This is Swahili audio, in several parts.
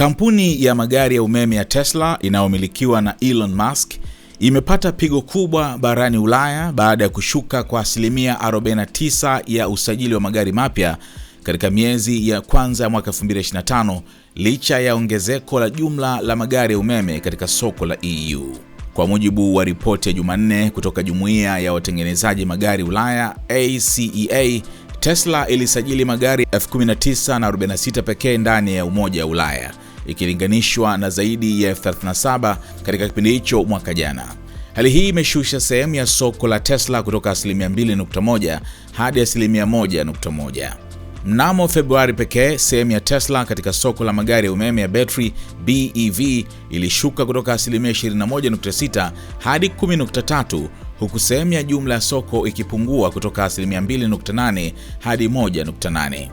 Kampuni ya magari ya umeme ya Tesla inayomilikiwa na Elon Musk imepata pigo kubwa barani Ulaya baada ya kushuka kwa asilimia 49 ya usajili wa magari mapya katika miezi ya kwanza ya mwaka 2025 licha ya ongezeko la jumla la magari ya umeme katika soko la EU. Kwa mujibu wa ripoti ya Jumanne kutoka jumuiya ya watengenezaji magari Ulaya ACEA, e Tesla ilisajili magari 19,046 pekee ndani ya Umoja wa Ulaya ikilinganishwa na zaidi ya elfu 37 katika kipindi hicho mwaka jana. Hali hii imeshusha sehemu ya soko la Tesla kutoka asilimia 2.1 hadi asilimia 1.1. Mnamo Februari pekee, sehemu ya Tesla katika soko la magari ya umeme ya betri BEV ilishuka kutoka asilimia 21.6 hadi 10.3, huku sehemu ya jumla ya soko ikipungua kutoka asilimia 2.8 hadi 1.8.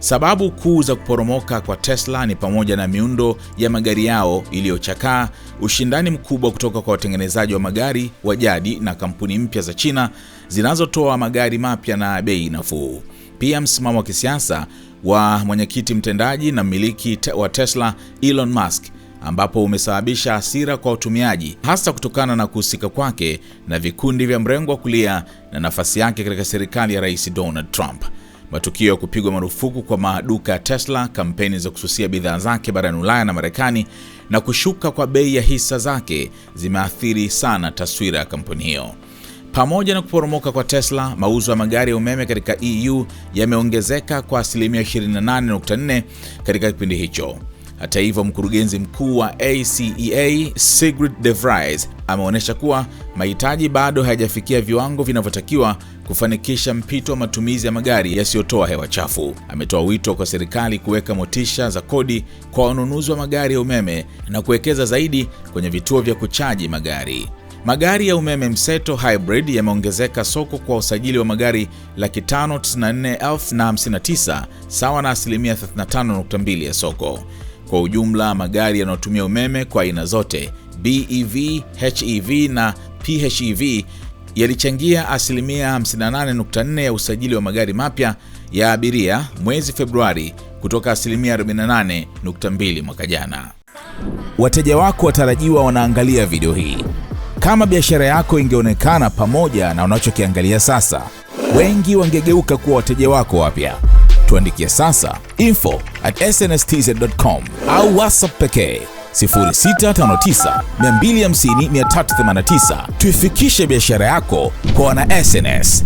Sababu kuu za kuporomoka kwa Tesla ni pamoja na miundo ya magari yao iliyochakaa, ushindani mkubwa kutoka kwa watengenezaji wa magari wa jadi na kampuni mpya za China zinazotoa magari mapya na bei nafuu. Pia msimamo wa kisiasa wa mwenyekiti mtendaji na mmiliki wa Tesla Elon Musk ambapo umesababisha hasira kwa watumiaji hasa kutokana na kuhusika kwake na vikundi vya mrengo wa kulia na nafasi yake katika serikali ya Rais Donald Trump matukio ya kupigwa marufuku kwa maduka ya Tesla, kampeni za kususia bidhaa zake barani Ulaya na Marekani na kushuka kwa bei ya hisa zake zimeathiri sana taswira ya kampuni hiyo. Pamoja na kuporomoka kwa Tesla, mauzo ya magari ya umeme katika EU yameongezeka kwa asilimia 28.4 katika kipindi hicho. Hata hivyo, mkurugenzi mkuu wa ACEA e Sigrid De Vries ameonyesha kuwa mahitaji bado hayajafikia viwango vinavyotakiwa kufanikisha mpito wa matumizi ya magari yasiyotoa hewa chafu. Ametoa wito kwa serikali kuweka motisha za kodi kwa wanunuzi wa magari ya umeme na kuwekeza zaidi kwenye vituo vya kuchaji magari. Magari ya umeme mseto hybrid yameongezeka soko kwa usajili wa magari laki tano na sawa na asilimia 35.2 ya soko. Kwa ujumla, magari yanayotumia umeme kwa aina zote BEV, HEV na PHEV yalichangia asilimia 58.4 ya usajili wa magari mapya ya abiria mwezi Februari kutoka asilimia 48.2 mwaka jana. Wateja wako watarajiwa wanaangalia video hii. Kama biashara yako ingeonekana pamoja na unachokiangalia sasa, wengi wangegeuka kuwa wateja wako wapya tuandikia sasa info at snstz.com au whatsapp pekee 659 250 Tuifikishe biashara yako kwa wana SNS.